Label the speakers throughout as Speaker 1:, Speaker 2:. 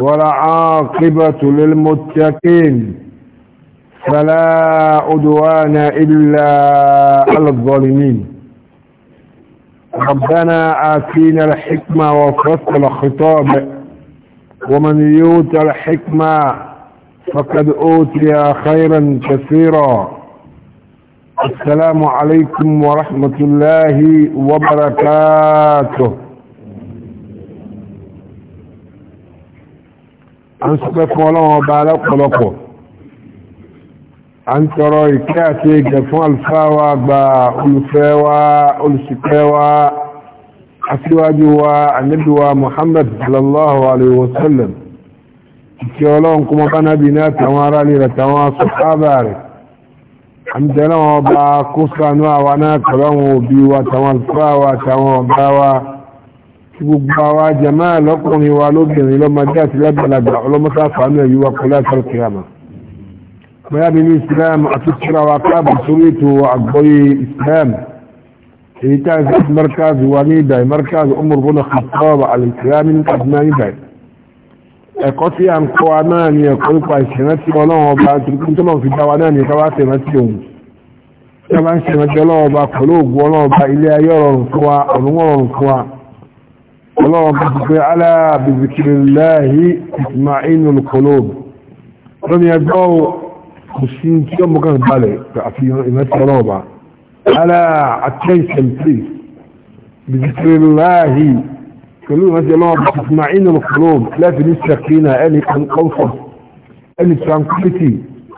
Speaker 1: ولا عاقبة للمتقين فلا عدوان إلا على الظالمين ربنا آتينا الحكمة وفصل الخطاب ومن يوت الحكمة فقد أوتي خيرا كثيرا السلام عليكم ورحمة الله وبركاته ń sọpẹ́ fún ọlọ́wọ́ ọba alápọ̀lọpọ̀ a ń tọrọ ìkẹ́ àti ẹgẹ̀ fún alfáwa gba olùfẹ́ wa olùsìkẹ́ wa aṣíwájú wa ànábì wa muhammad sallallahu alaihi wasallam ìkẹ́ ọlọ́run kúmọ́ kánábì ní àtàwọn ará lè rẹ̀tàwọn sọ̀tábà rẹ̀ a ń tẹ́lẹ̀ ọba kó sànú àwa náà tọ́lọ́run òbí wa tàwọn alfáwa tàwọn ọba wa kí gbogbo àwa jàmáà lọ́kùnrin wa lóbìnrin lọ́mọdé àti lágbàlagbà ọlọ́mọsá fàánù ẹ̀yí wa kọ́lá àtàrà kìíyàmà bóyá bí ní islam àti kíra wa káàbù sórí ètò àgbọ́yé islam èyí tá a fi markazi wa ní ìdá markazi umar bin khattab al-islami ní kaduna ìdá ẹ̀kọ́ tí a ń kọ́ wa náà ni ẹ̀kọ́ nípa ìṣẹ̀rántí ọlọ́run ọba tuntun tó máa dá wa náà ni káwá ṣèrántí ọlọ́wọ́ bá ti pé aláàbìbìkìrìláhì ìtìmáìnù olùkọlọ́bù lọ́nà ẹgbọ́ kò sí tí ọmọ kan balẹ̀ àti ìrántí ọlọ́wọ́ bá aláà attention please bìbìkìrìláhì pẹ̀lú ìrántí ọlọ́wọ́ bá ìtìmáìnù olùkọlọ́bù láti ní sàkínà ẹni comfort ẹni tranquility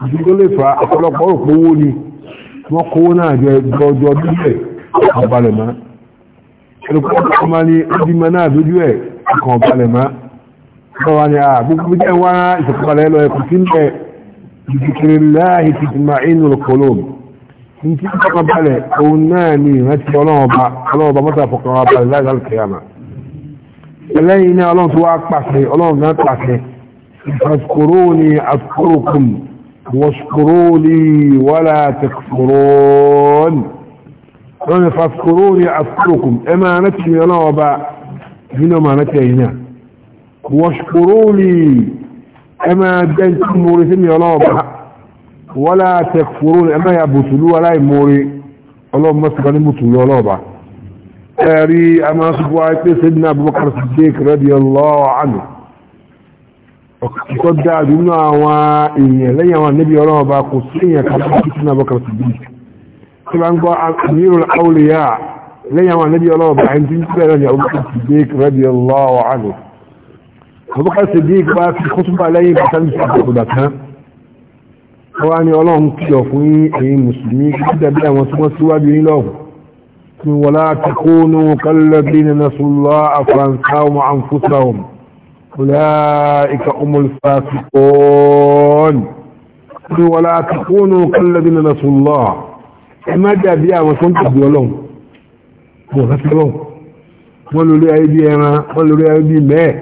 Speaker 1: ìdíkọ́ lè fa ọ̀pọ̀lọpọ̀ òpówó ni wọ́n ẹlùkọ́ ọmọ ní ọdínmọ́ náà lójú ẹ̀ ọkàn balẹ̀ má lọ́wọ́ ni àgbókù bí jẹ́ wọ́n ìṣẹ̀kọ́balẹ̀ lọ ẹkùn tí ń bẹ̀ ìdíkiri láàáhì ti ti máa inú olùkọ́lọ́m ní tí ọkàn balẹ̀ òun náà ni ìrántí ọlọ́ọ̀bá mọ́ta wọ́n fàfikúrò ní àfikúròkùn ẹ máa rántí mi ọlọ́wọ́ bá nínú máa rántí ẹ̀yìn náà wọ́ṣkúrò ní ẹ máa jẹ́ tí mórí sí mi ọlọ́wọ́ bá wọ́n láà tẹ̀kúrò ní ẹ máa yà bùtùlú aláì mórí ọlọ́wọ́ mọ́sùlá ní bùtùlú ọlọ́wọ́ bá ẹ̀rí a máa sọ́kọ́ àìpé sẹ́dí náà Abubakar Siddiq radiyallahu anhu ọ̀kọ́ dáadùn náà àwọn èèyàn lẹ́yìn àwọn níbi ọlọ́wọ́ bá kò sí èèyàn kan tó كلان قوى أمير الأولياء لن يمع نبي الله بحين تنسل أن يأبقى صديق رضي الله عنه أبقى صديق بقى في خطبة لأي بسان صديق بك واني الله مكتوفي أي مسلمين كده بلا مصمى سوى بني له ولا تكونوا كالذين نسوا الله فانساهم أنفسهم أولئك أم الفاسقون ولا تكونوا كالذين نسوا الله ẹ má dàbí àwọn tó ń tàbí ọlọ́run wọ́n láti ọlọ́run wọ́n lórí ayé bí ẹran wọ́n lórí ayé bí mẹ́ẹ̀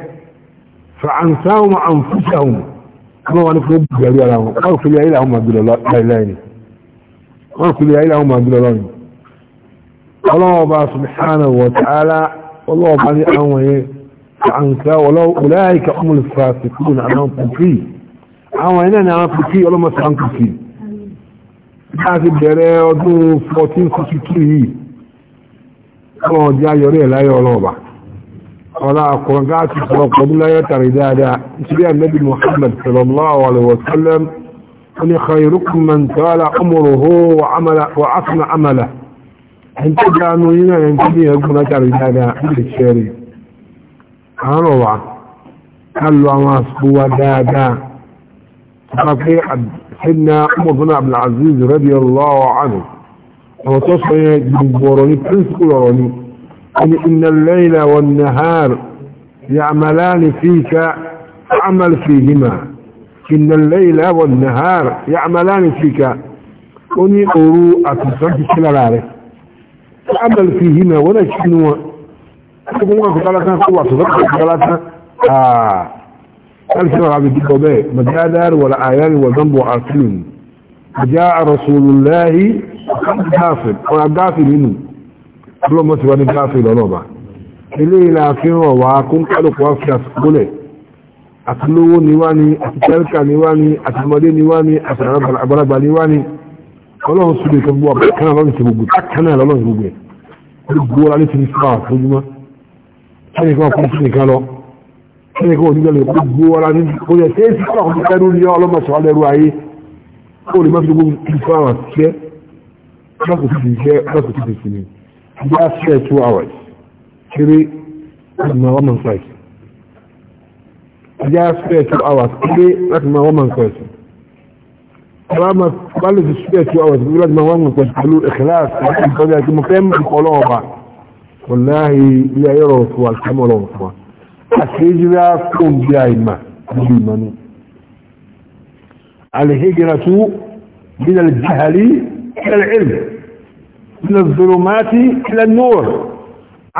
Speaker 1: fàánsáwọn àǹfúsàwọn wọ́n wọ́n ní fún ìgbẹ̀rú ara wọn wọ́n fi ayé làwọn máa gbìlọ láìláìní wọ́n fi ayé làwọn máa gbìlọ lọ́rùn ọlọ́wọ́ bá subhanahu wa àwọn yẹn fàánsáwọn ọlọ́wọ́ láti bẹ̀rẹ̀ ọdún 1462 yìí ọmọ ọdí ayọ̀ rẹ̀ láyọ̀ ọlọ́ọ̀bà ọ̀la àkùnrin gáàsì fún ọkùnrin láyọ̀ tàrí dáadáa ìṣẹ́lẹ̀ ànábì muhammad sallallahu alaihi wa sallam wani khairukum man tawala umuruhu wa amala wa asna amala an ta gano yana yankin ne ya guna tàrí dáadáa da shari an rọwa kallon wasu dáadáa ta kai حنا عمر بن عبد العزيز رضي الله عنه وتصحي جبوروني برنسكولوني أن إن الليل والنهار يعملان فيك عمل فيهما إن الليل والنهار يعملان فيك أني أرو أتصنك شلالاري عمل فيهما ولا شنوة أتكلم لك ثلاثة قوة تصدق ثلاثة آه هل سمع بالدقباء مجادر ولا آيان وذنب وعاقل فجاء رسول الله قد غافل وانا غافل منه قبل ما سواني غافل ونوبة إليه لكن وواكم قالوا قوافي أسقله أسلوه نواني أتتلك نواني أتمدي نواني أتعرف العبرابة نواني ọlọ́run sùn lè kẹ́gbọ́ àkànnà lọ́rùn ti gbogbo àkànnà lọ́rùn ti gbogbo ẹ̀ gbogbo alẹ́ ti ní fún àwọn àfojúmọ́ ẹnì kan fún fún nìkan lọ ẹni kò ní lọlẹ̀ gbogbo ara ní kò yẹ ṣe é sí ọ̀rọ̀ kọ̀ọ̀kan ló ní ọlọ́mọ sọ alẹ́rú ayé kó lè má fi gbogbo kí fún àwọn àtijẹ́ lọ́sọ̀ tó ti jẹ́ lọ́sọ̀ tó ti sì ní bí a ṣe two hours kéré láti máa wọ́n mọ̀ nǹkan ẹ̀sìn bí a ṣe two hours kéré láti máa wọ́n mọ̀ nǹkan ẹ̀sìn aláma balẹ̀ láti máa wọ́n mọ̀ nǹkan ẹ̀sìn pẹ̀lú الهجرة كم دائما دائما الهجرة من الجهل إلى العلم من الظلمات إلى النور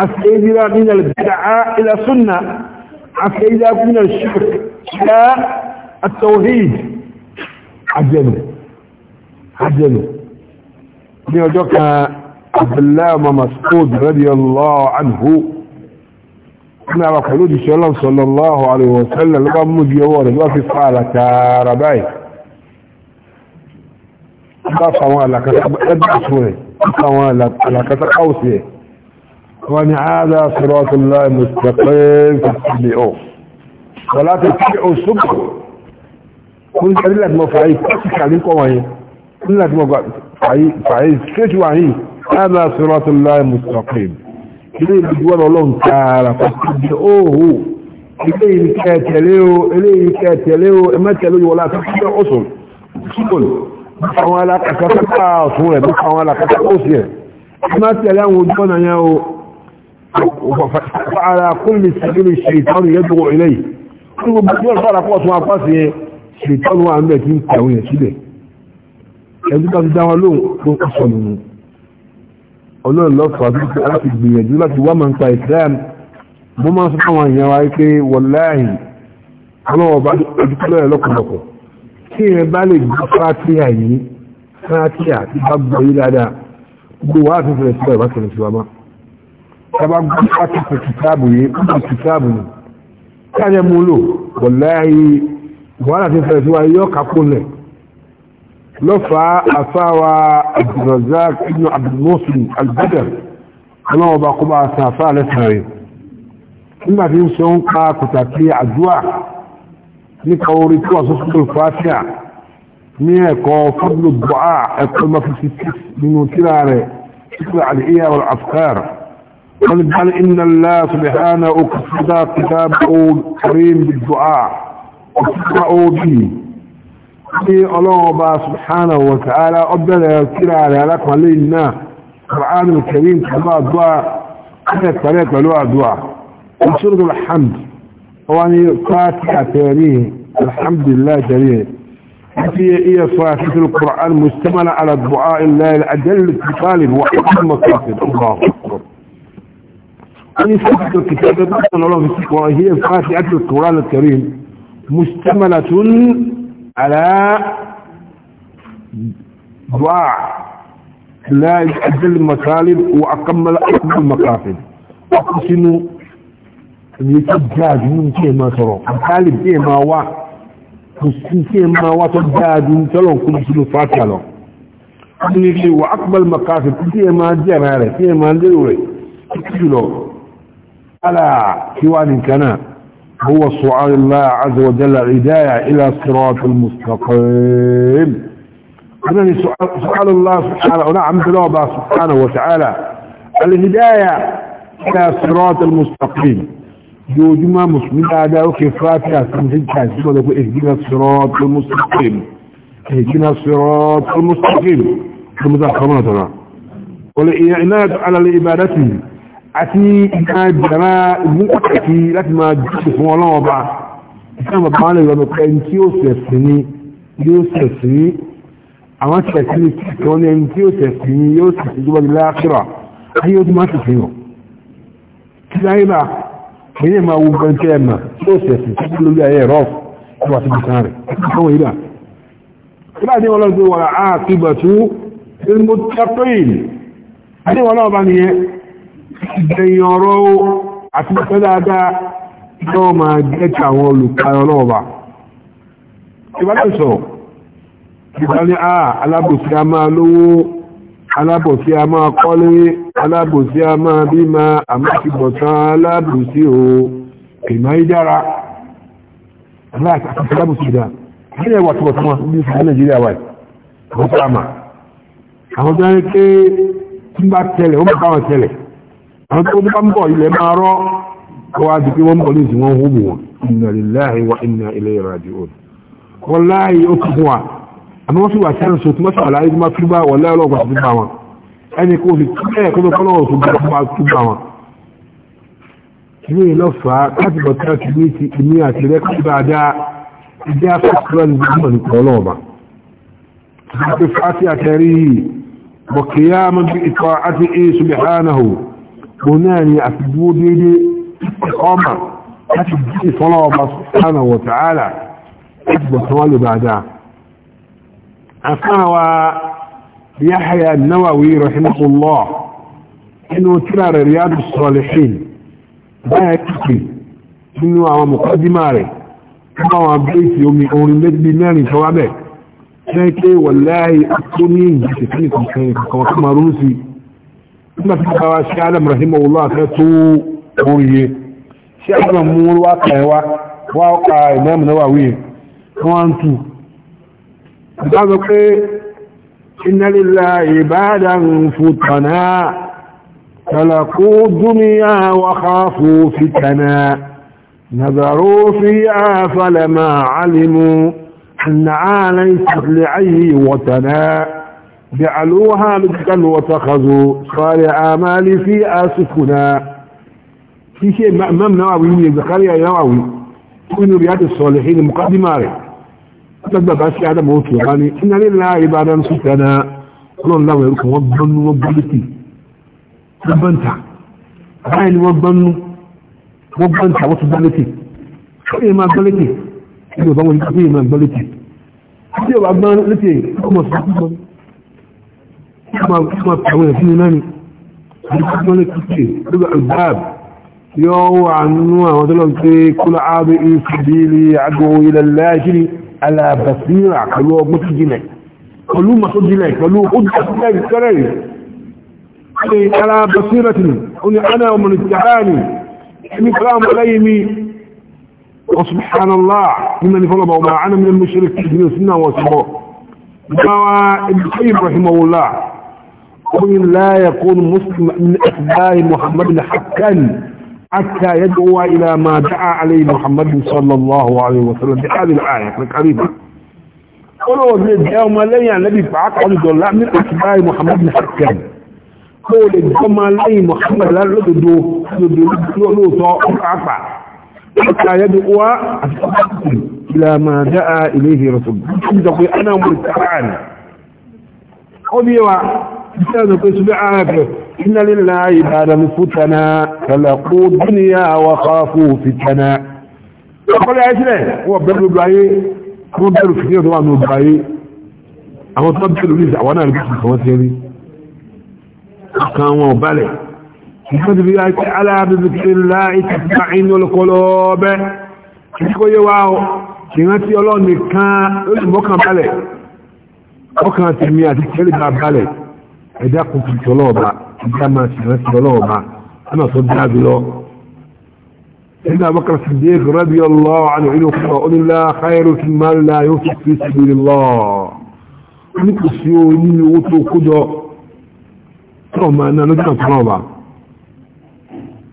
Speaker 1: الهجرة من البدعة إلى السنة الهجرة من الشرك إلى التوحيد عجلوا عجلوا ليجوك عبد الله مسعود رضي الله عنه ní àwọn kàlú òjìṣẹ́ ọlọ́run sallallahu alaihi wa sallam ló bá mú di ọwọ́ rẹ̀ ló fi fa àlàkà ara báyìí bá fa àwọn àlàkàtà rẹ̀ fa àwọn àlàkàtà káwùsì ẹ̀ wọ́n ni àádá siratullahi mustaqim fàtàlẹ̀ ọ̀ wọ́n láti fi òṣùpù kún jẹ́ nílẹ̀ mọ́ fàáyì pàtíkàlì kọ́ wọ̀nyí nílẹ̀ mọ́ fàáyì fàáyì ilé ìdíwọ́n ọlọ́run tààrà pàtàkì óòhù ilé ìrìnkẹ́ tẹ̀lé o ilé ìrìnkẹ́ tẹ̀lé o ẹmẹ́tẹ̀lé ìwọlá àtàkùnjẹ́ ọ̀sùn ṣùgbọ́n àwọn alákàtàkà ọ̀sùn rẹ̀ bí àwọn alákàtàkà ọ̀sùn rẹ̀ ẹmẹ́tẹ̀lé àwọn ojú ọ̀nà yẹn o fàárà kúlì sàbílì ṣètọ́nù yẹn dùgbò ilé yìí ṣùgbọ́n bí wọ́n fàárà ọlọ́run lọ́fà láti gbìyànjú láti wá máa ń pa islam bó máa ń sọ́kọ́ àwọn èèyàn wa pé wọláhì ọlọ́wọ́ bá dúpẹ́ lọ́kọ̀lọ́kọ̀ tí ìrìn bá lè gbọ́ fátíà yìí fátíà tí bá gbọ́ yí dáadáa gbogbo wa àti ìfẹ̀lẹ̀ síbẹ̀ ìbáṣẹ̀lẹ̀ sí wa má tábà نفع أفاوى عبد الرزاق ابن عبد الموسم البدر أنا وباقبع سافا لسهري إما في يمسون قا كتاكي عدوى نكوري كوا سوسك الفاتحة نيكو فضل الدعاء القلمة في ستس من كراري شكرا على الإيه والأفكار قال قال إن الله سبحانه أكسد كتابه كريم بالدعاء وتقرأوا به في الله سبحانه وتعالى أبدا يذكر على لك ولينا القرآن الكريم كما دعا كما تريد ولو دعا وصورة الحمد واني فاتحة تاريه الحمد لله جليه هي هي فاتحة القرآن مستمنة على الدعاء الله الأجل هو وحكم مصاطر الله أكبر واني فاتحة الكتابة بسم الله هي فاتحة القرآن الكريم مستمنة على ضاع لا يؤدل المطالب وأكمل أكبر المقاصد أقسم يتجاج من كما ترى الطالب كما هو مسكين كما هو تجاج من تلون كل شيء فاتلون أقسم وأكمل المقاصد كما جرى كما لوري كله على كيوان كنا هو سؤال الله عز وجل الهداية إلى صراط المستقيم أنني سؤال الله سبحانه نعم بلوبة سبحانه وتعالى الهداية إلى صراط المستقيم جوجما مسلم أداء وكفاتها سمسين كاسم ودكو اهدنا الصراط المستقيم اهدنا الصراط المستقيم المتأخرون ترى والإعناد على الإبادة àti nǹkan ìgbìyànjá ìlú pàtàkì láti máa jùsù fún ọlọ́run ọba ìsáàmù bàbá wọn lè rọrùn pé ẹni tí ó sẹ̀sì ni yóò sẹ̀sì ní àwọn sẹ̀sì ní kí wọ́n ní ẹni tí ó sẹ̀sì ni yóò sẹ̀sì tó bá di láàkírà ayé ó ti máa sẹ̀sì yàn kí láyé bá èyí ẹ̀ máa wo gan tẹ́ ẹ̀ mà sẹ̀sì tó lórí ayé ẹ̀rọ tó wà síbi kan rẹ̀ ìgbẹ̀yìn ọ̀rọ̀ àti ìfẹ́ dáadáa náà máa gẹ́ẹ̀kì àwọn olùkayọ náà bà ìbálòsọ̀ ìbálẹ́ à alábòsí a máa lówó alábòsí a máa kọ́lé alábòsí a máa bímọ àmọ́síbọ̀sán alábòsí o kèmá ìjára alábòsí ìdá ní ẹwà tó bọ̀tán wọn ní ìsìnkú nàìjíríà wà ní ọ̀pọ̀ àmà àwọn tó ń àwọn tó bá ń bọ̀ ilẹ̀ máa rọ́ wọ́n á di pé wọ́n ń ní ìsìn wọn hùwù wọn inna lillahi wa inna ilayhi raji'un wọ́n láàyè ó kún wa àmọ́ wọ́n sì wà sẹ́yìn sọ tí wọ́n sàlàyé tí wọ́n túbà wọ́n láyé ọlọ́gbà tó bá wọn ẹni kó fi kílẹ̀ kó tó kọ́lọ́wọ́ tó bá wọn túbà wọn. ilé ìlọ́fà láti bọ̀ tí a ti ní ti ìmí àti rẹ́kọ̀tì bá a dá ìdí هناني أفدو ديدي إقامة أتبقي صلى الله سبحانه وتعالى أتبقى صلاة بعدها أصنع يحيى النووي رحمه الله إنه ترى رياض الصالحين ما يكفي إنه هو مقدمة كما هو بيت يومي أولي مدبي ناني شوابك شاكي والله أكتوني بيتي كنكم كنكم كما رمسي ثم في قوى الشيخ رحمه الله كتو قرية الشيخ مول واقع واقع إمام نواوي وانتو هذا إن لله عبادا فتنا تلقوا الدنيا وخافوا فتنا نظروا فيها فلما علموا أن ليست لعيه وتنا جعلوها ملكا واتخذوا صالح أعمالي في اسفنا في شيء امام نووي زكريا نووي كل رياض الصالحين مقدمه تبدا بس هذا موت يعني ان لله عبادا سكنا قلنا له يركم وبن وبلتي وبنتا عين وضن وبنتا وبلتي شو ما بلتي يبقى ما بلتي يبقى ما بلتي يبقى ما بلتي ما بتعملها في ناني مالك كتير ربع الباب يو عنوها وطلعوا كل عابئي سبيلي عدو إلى الله جلي على بصيرة قالوا متجنك قالوا ما تجنك قالوا أسلاك لك كري على بصيرة قلني أنا ومن اتعاني من كلام عليمي وسبحان الله ممن فلما وما أنا من المشركين سنة وسبحانه ابن القيم رحمه الله قل لا يكون مسلم من أخبار محمد حقا حتى يدعو إلى ما دعا عليه محمد صلى الله عليه وسلم بهذه الآية الكريمة قلوا وزيد يوم لن يعنبي فعاق عدد الله من أخبار محمد حقا قول الجمع لي محمد لا لدو لدو حتى يدعو إلى ما دعا إليه رسول الله أنا مرتعان قبيوة بسادة سبحانك إن لله بعد فتنا فلقوا الدنيا وخافوا فتنا قال يا سلام هو بدل إبراهيم هو بدل فتنة طبعا من إبراهيم أما طب بدل ليس وانا لبس الخواس يعني كان هو بالي يقول بالله تعالى بذكر الله تطمئن القلوب يقول يا واو كلمتي الله نكان يقول مكان بالي وكان تحميات الكلب عبالي إذا قمت بطلوبة إذا ما سمت بطلوبة أنا صدى بلو إذا بكر صديق رضي الله عنه إنه قول الله خير في المال لا يوسف في سبيل الله ونكو سيوه إني يوتو كدو ثم أنا نجد بطلوبة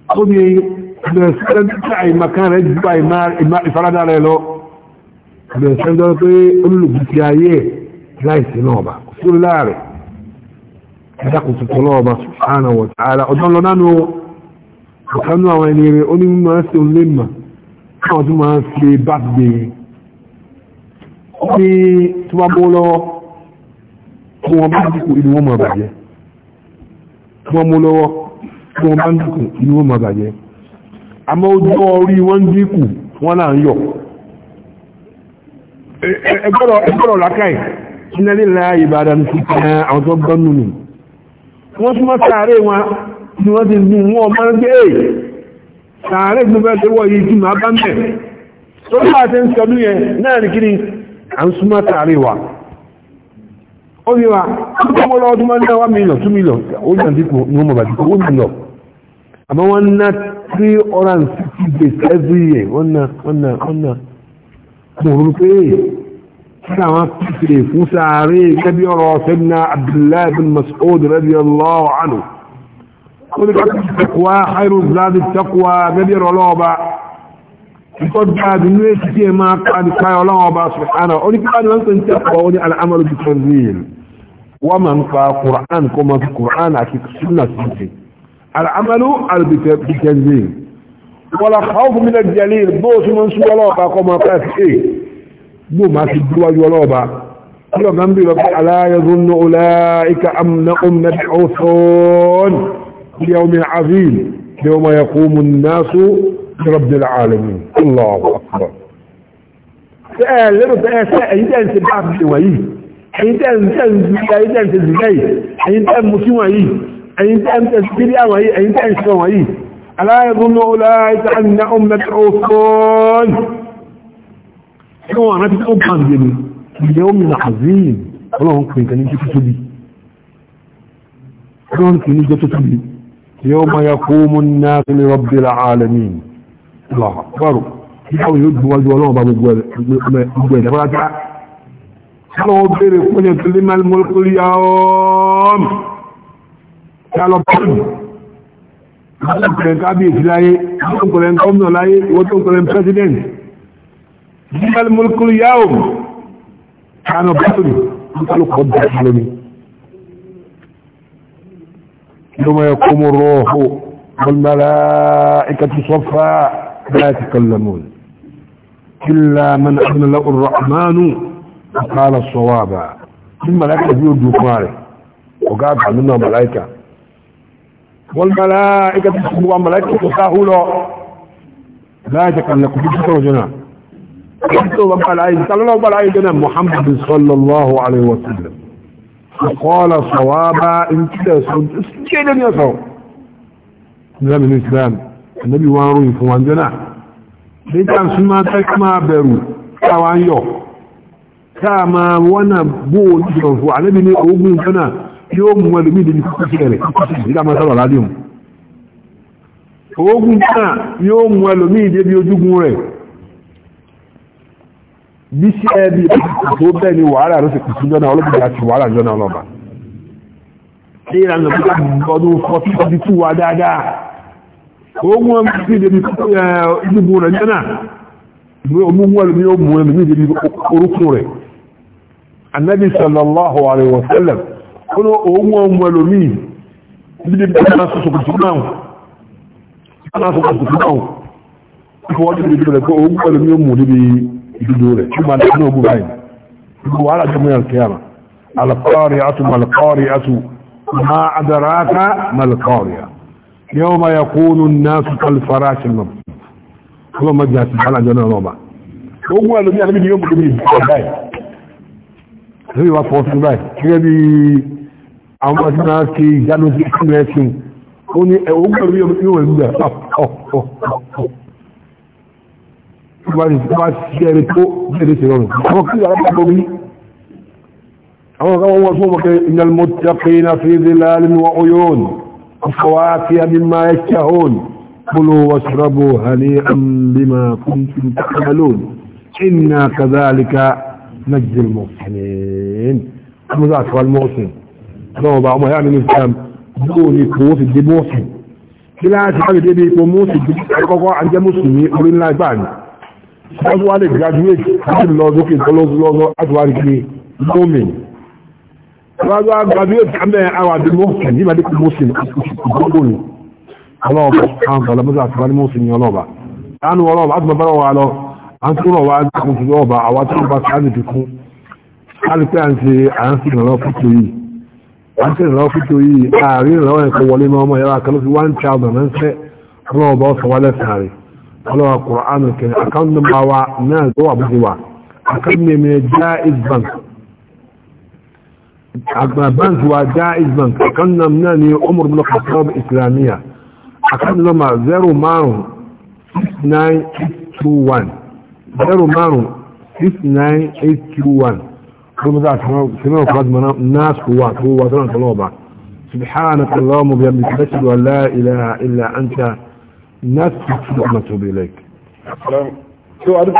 Speaker 1: قولي بسكرة تتعي مكان رجبا إمار إمار إفراد عليه لو بسكرة تتعي قولي بسكرة láìsí náà ọba kò sí láàrẹ ẹ̀dá kò tuntun náà ọba subhanahu wa ta'ala ọjọ́ lọ nánú ọ̀kanú àwọn ẹni rẹ̀ onímọ̀ máa ń ṣe òun lè mọ̀ káwọn tó máa ń ṣe bá gbé ní tó bá bọ́ lọ́wọ́ kí wọ́n bá dìkù inú wọn máa bàjẹ́ kí wọ́n mú lọ́wọ́ kí wọ́n bá dìkù inú wọn máa bàjẹ́ àmọ́ ojú orí wọ́n dìkù wọ́n náà ń yọ̀ ẹgbọ́rọ̀ lákàáyì iná lílá ìbàdàn sí kan àwọn tó gbọ́nù nì wọ́n súnmọ́ sàárè wọn ni wọ́n ti dùn wọ́n máa ń gbé sàárè gbogbo ẹ̀tẹ́ wọ̀ yìí tí máa bá mẹ́ tó bá ti ń sọdún yẹn náà ní kiri à ń súnmọ́ sàárè wa ó ní wa ọmọ lọ́wọ́ tó máa ń náwó mílọ̀ two mílọ̀ ó yàn dípò ní wọ́n mọ̀ bàtí kò ó mílọ̀ àmọ́ wọ́n ná three hundred and sixty every year wọ́n ná wọ́n ná wọ́n ná mo rò كما تفري فساري كبي سيدنا عبد الله بن مسعود رضي الله عنه التقوى خير الزاد التقوى كبي رلوبا يقول بعد نويس كي ما قد كاي رلوبا سبحانه ولي كان من تقوى ولي العمل بالتنزيل ومن قال قرآن كما في القرآن أكيد سنة سنة العمل بالتنزيل ولا خوف من الجليل بوس من سوى الله كما قال إيه mo ma fi duwa yo loba lo ngam bi rabb ala yadhunnu ulaika am naqum nad'usun li يوم يقوم الناس لرب العالمين الله اكبر سأل لما سأل إذا أنت بعض الوعي أنت أنت أنت أنت أنت زكاي أنت أنت مسلم وعي أنت أنت سبيل وعي أنت أنت سبيل وعي ألا يظن أولئك أن أم مبعوثون kí wọ́n rántí tó bá ń gbé ni ilé omi na azim ọlọ́run pè nǹkan ní jẹ́ tó tóbi ọlọ́run pè ní jẹ́ tó tóbi yóò máa ya kó mú ní àtúnlé rabbil alamin lọ́wọ́ bọ́rọ̀ ìyáwó yóò gbọ́wájú ọlọ́run bá gbogbo ẹ̀dá bá ẹ̀ nígbà الملك اليوم كانوا kánú bátòlì قدر ọ̀dà يوم يقوم الروح والملائكة صفا لا يتكلمون إلا من أذن له الرحمن وقال الصواب الملائكة يوجد فارغ وقال عندنا ملائكة والملائكة تسموا ملائكة تساهلوا لا يتكلمون محمد صلى الله عليه وسلم فقال صوابا ان كده كده يا صو ده من الاسلام النبي وارو يفهم عندنا دي كان سما تك ما بيرو كوان يو كما وانا بو يفهم على بني اوغن كنا يوم ولمي دي كده كده ما صلى عليهم اوغن كنا يوم ولمي دي بيوجغون ري bí sí ẹbí tó bẹ́ẹ̀ ni wàhálà ló sì kù sí jọ́nà ọlọ́bìnrin àti wàhálà jọ́nà ọlọ́ba ní ìlànà bí ọdún fọ́tí ọdún tí wà dáadáa ogun ọmọ sí ìdèbí ìdìbò rẹ̀ jọ́nà omúgbọ́ ẹlùmí ó mú ẹlùmí ìdèbí orúkún rẹ̀ anábì sallallahu alaihi wa sallam kúrò ogun ọmọ ẹlùmí ìdèbí ìdèbí ìdèbí ìdèbí ìdúdó rẹ̀ tí máa dáná ogun báyìí gbogbo wàhálà tó mú yàn kíyàmà alqari'atu malqari'atu ma adraka malqari'a yawma yakunu an-nasu kalfarashil mabthut kọlọ ma jẹ àti bala jọna ọlọba ogun alomi alomi ni yóò mú mi bọ báyìí lórí wa fọwọ́ fún báyìí gẹ́gẹ́ bí àwọn ọmọ ó mú ان المتقين في ظلال وعيون وفواكه مما يشتهون كلوا واشربوا هنيئا بما كنتم تعملون انا كذلك نجزي المحسنين المزاج والموسم ربع ما يعمل الكلام دون كوف الدموس بلا تحب تبي كموس الدموس عن جموس مي قول الله wọ́n tún wá lè graduate láti lọ sókè lọ́sọ́lọ́sọ́ láti wá rí kiri lómìn wọ́n tún wá graduate kámẹ́ àwọn àdìmọ́ kẹ̀lí ìbàdí kò mọ́sìn gbogbo ni ọlọ́ọ̀bà àwọn kan lọ́mọ́sà àti wọ́n mọ́sìn ní ọlọ́ọ̀bà láàánú ọlọ́ọ̀bà àti bàbá wa lọ à ń tún rọ̀ wá kún sí ọlọ́ọ̀bà àwa tó ń على القرآن الكريم أكون مع ناس هو بدوا أكون من جائز بنك أكون بنك وجائز بنك أكون مناني أمر من الخطاب الإسلامية أكون لما زيرو مارو 6921 زيرو مارو 69821 كل ذا سمعوا قد الناس هو هو سبحانك اللهم وبحمدك اشهد ان لا اله الا انت الناس تتبع متوب إليك سؤال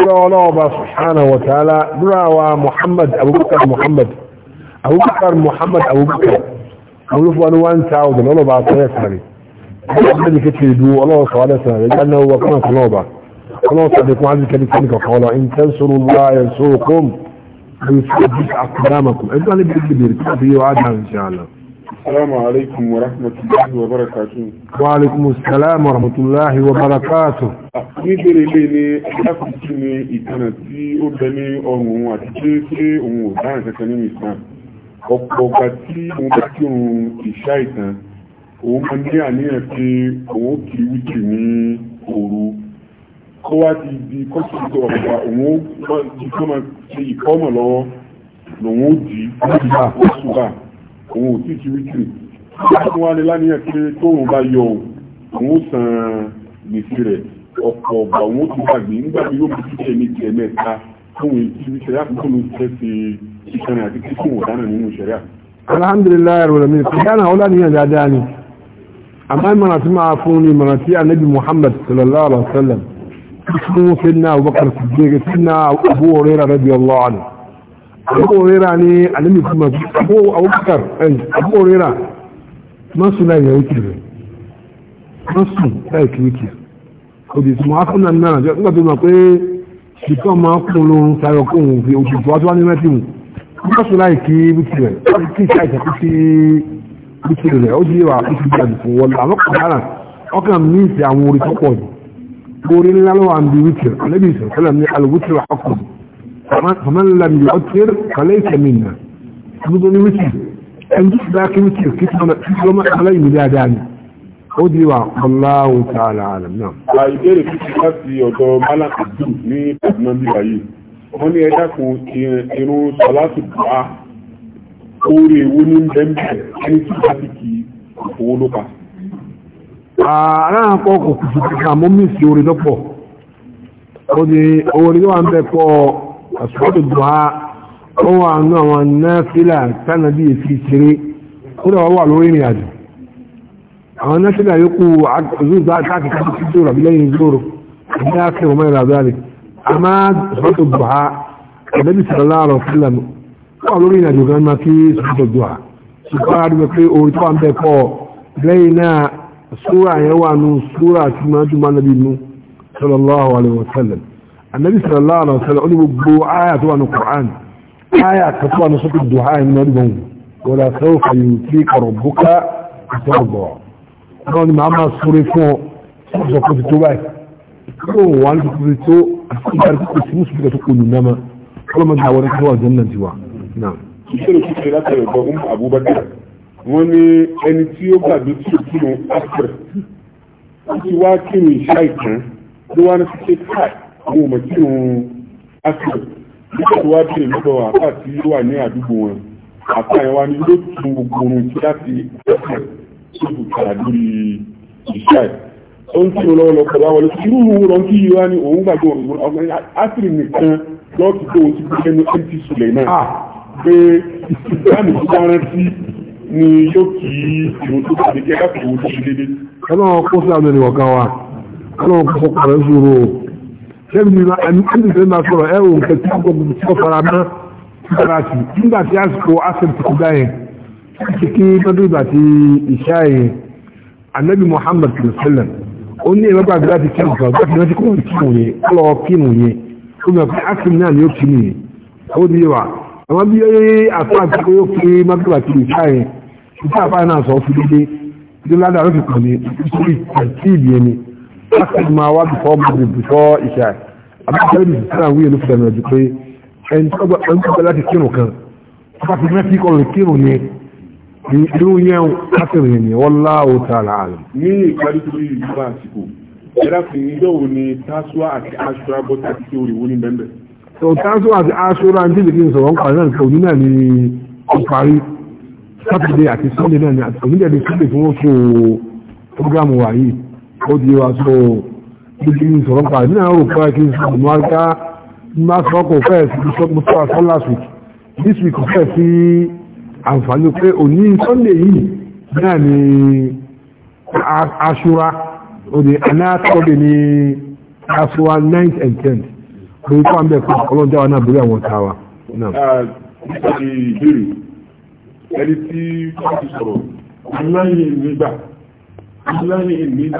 Speaker 1: سبحانه وتعالى برا محمد أبو بكر محمد أبو بكر محمد أبو بكر أقول له أنوان تعود الله بعد ثلاث سنين محمد كتير دو الله صلى الله عليه وسلم هو كمان في الله بعد الله صلى الله عليه وسلم قال إن تنصروا الله ينصركم ويسجد أقدامكم إذن اللي بيجي بيركب فيه وعدها إن شاء الله السلام عليكم ورحمة الله وبركاته وعليكم السلام ورحمة الله وبركاته níbèrè ilé ni alákùnkí ni ìtànà tí ó bẹ ní ọrùn òun àti pé pé òun ò dáhùn kankan nínú ìtàn ọ̀pọ̀ ọ̀gbà tí òun bá kí òun ìṣá ìtàn òun máa ní àníyàn pé òun ó kì í wíkì ní òru kó wá ti di kọ́sì tó ọ̀gbà òun ó ti kọ́ máa ṣe ìkọ́mọ̀ lọ́wọ́ lòun ó dì í láti bá a kó sùn bá a òun ò tíì wítìrì láti wá ní láníyàn pé tóun bá yọ òun ó san gbèsè rẹ̀ ọ̀pọ̀ ọ̀gbà òun ó ti gbàgbé nígbà tí yóò fi ṣe ní tiẹ̀ mẹ́ta tóun ti wítìrì láti kó ló fẹ́ fi iṣẹ́ rẹ̀ àti kíkún ọ̀dánà nínú ìṣẹ̀rẹ́ alhamdulilayi arúgbó kìkánà ọlànìyàn dáadáa ni àmọ́ ìmọ̀ràn tí máa fún ni ìmọ̀ràn tí anabi muhammad sallallahu alaihi wa sallam fún sinna abubakar siddiq abu rera ne alimi kuma abu abubakar abu rera masu na ya wuce ne masu na ya wuce o di sumo afunan náà jẹ́ nígbà tó ma pé ṣìkan ma kún ló ń sáré kóhun fi oṣù tó wá tó wá ní mẹ́tì mu masu na ya kí wuce rẹ̀ wọ́n kí ṣe àìsàn kí sí wuce rẹ̀ ó di wa oṣù tó àdìsùn wọlé àwọn kan dára ọkàn mi ìsì àwọn orí tó pọ̀ jù orí ńlá ló wà ń bi wuce rẹ̀ alẹ́bí ìsọ̀rọ̀ sẹ́lẹ̀ ní alùwùtì rẹ̀ ọkùnrin فمن لم يعتر فليس منا بدون مثل ان ذاك مثل كتب ما عليه مدادان ودي والله تعالى عالم نعم ìbéèrè في láti ọ̀dọ̀ malak abdul ní kaduna nígbà yìí wọ́n ní ẹ̀dá kan irun sọ̀láṣù bá oore ewu ní bẹ́ńbẹ́ ẹni tí wọ́n ti kì í òfowó ló pa. aláǹkọ́ kò kùtù kíkà mí sí oore lọ́pọ̀ ó ní oore ló wà ń bẹ pọ̀ أصحاب الدعاء هو أنه النافلة كان به في سري كل هو الوين يعني النافلة يقو عزوز دعاء ذاك كان في الزور بلين الزور الآخر وما إلى ذلك أماد أصحاب الدعاء النبي صلى الله عليه وسلم هو الوين يعني كان ما في صلاة الدعاء سبحان ما في أورتوان بيكو لينا سورة يوانو سورة ما جمع صلى الله عليه وسلم النبي صلى الله عليه وسلم قال بو آيات وأن القرآن آيات تطوى نصف الدعاء من أدبهم ولا سوف يؤتيك ربك فترضى قال ما ما صرفوا صرفوا في التوبة قالوا وأنا في التوبة أفكار في مسبقة تقول إنما قالوا ما دعونا كتوى الجنة جوا نعم ìṣẹ́lẹ̀ kíkẹ́ látàrí ọ̀gbọ́n ọmọ Abubakar wọ́n ní ẹni tí ó gbàgbé tí ó kírun áfíríkà ó ti wá kírun ìṣá ìtàn ló wá ní fífẹ́ káì àwọn ọmọ tí òun asio nígbà tó wá bèrè lọ́dọ̀ àpá tí ó wà ní àdúgbò wọn àpá yẹn wá ní ló tún gbogbo orun tí láti ẹsẹ̀ tó kù kàrà lórí ìṣá ẹ̀ ó ń tún lọ́wọ́ lọ́kọ̀ bá wọlé irú òun rọ̀ kí yìí wá ní òun gbàgbọ́ ọmọ asiri nìkan lọ́ọ̀tì tó ti gbé ẹnu mt sulẹ̀ náà pé ìsìlámù tó bá rántí ni yóò kí ìrùn tó bá dé kí ẹ káfíńwó tó ṣe déédéé. ọlọ́run kó sí àmì ìwọ̀n kan wa ọlọ́run kó sọ sẹ́mi ma ẹni ẹni sẹ́mi ma sọ̀rọ̀ ẹ wò nǹkan tí kò tí kò fara mọ́ fara sí nígbà tí àsìkò àsìkò tó dá yẹn ti kí mẹ́tòdì àti ìṣá yẹn anabi muhammad sallam ó ní ìwé gbàgbé láti kí nǹkan gbàgbé láti kọ́ ní kínu yẹn kọ́lọ́ kínu yẹn ó mọ̀ pé àsìkò náà ni ó kínu yẹn ó ní wa àwọn bí ó yẹ àtọ́ ó fi mẹ́tòdì àti láti máa wá before magrib before isha abúlé bí sísan wíyẹn ló fi dànù ẹ̀jú pé ẹni tó gbọ́ ẹni tó gbọ́ láti kírun kan láti mẹ́tí kọ́ lè kírun ni irú yẹn láti rìn ní wallahu ta'ala alam. ní ìparí tó yìí nípa àsìkò ẹ̀rá fi ìjọ wo ni tásúà àti aṣọra bọ́ tàbí tí orí wo ní bẹ́ẹ̀ so tásúà àti aṣọra ní tìlẹ̀ kí n sọ̀rọ̀ nǹkan náà òní náà ni ó parí sátidé àti sunday náà ni àti òní dẹ̀ ni sunday fún wọn fún programu wa ó di wa so ibi ní sọ̀rọ̀ pa ní àwọn òpá kí n sọ̀rọ̀ mọ́ aká má sọ kò fẹ́ sí mo sọ àṣọ last week this week kò fẹ́ sí àǹfààní pé òní sunday yìí náà ni aṣura òní anátọ́bẹ̀ ní aṣura 9th and 10th lórí fún àmì ẹ̀kọ́ ọlọ́jà wa náà borí àwọn ọ̀tá wa. ẹni tí wọ́n ti sọ̀rọ̀ aláyè nígbà aláyè nígbà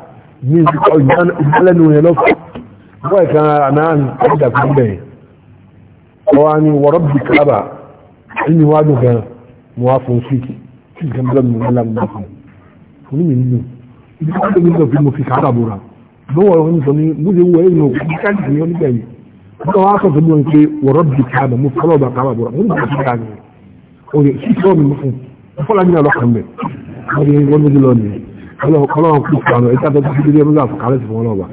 Speaker 1: ní ìdálẹ́nu rẹ̀ lọ́fẹ́ wọ́n ẹ̀kan ara náà ní ìdá fún bẹ̀rẹ̀ ọwá ni wọ̀rọ̀ bí kábà inú wá dùn gan mọ́ wá fún fíkì tí ìgbà mọ́lá mi wọ́n lámú fún fún mi nínú ibi ká lóbi nígbà fún mo fi kábà bóra lọ́wọ́ ọ̀rọ̀ nísọ ní bó ṣe wọ ẹ̀yìn náà kí ká ní ìyọ́ nígbà yìí wọ́n wá sọ fún mi pé wọ̀rọ̀ bí kábà mo fọ́lọ́ bá kábà bóra mo nígbà fún kábà bóra الله كلام فلوس عنه إذا أنت تحب لي مزافق على سبحان الله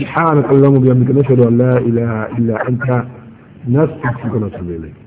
Speaker 1: سبحانك اللهم بيامك نشهد أن لا إله إلا أنت نستغفرك ونتوب إليك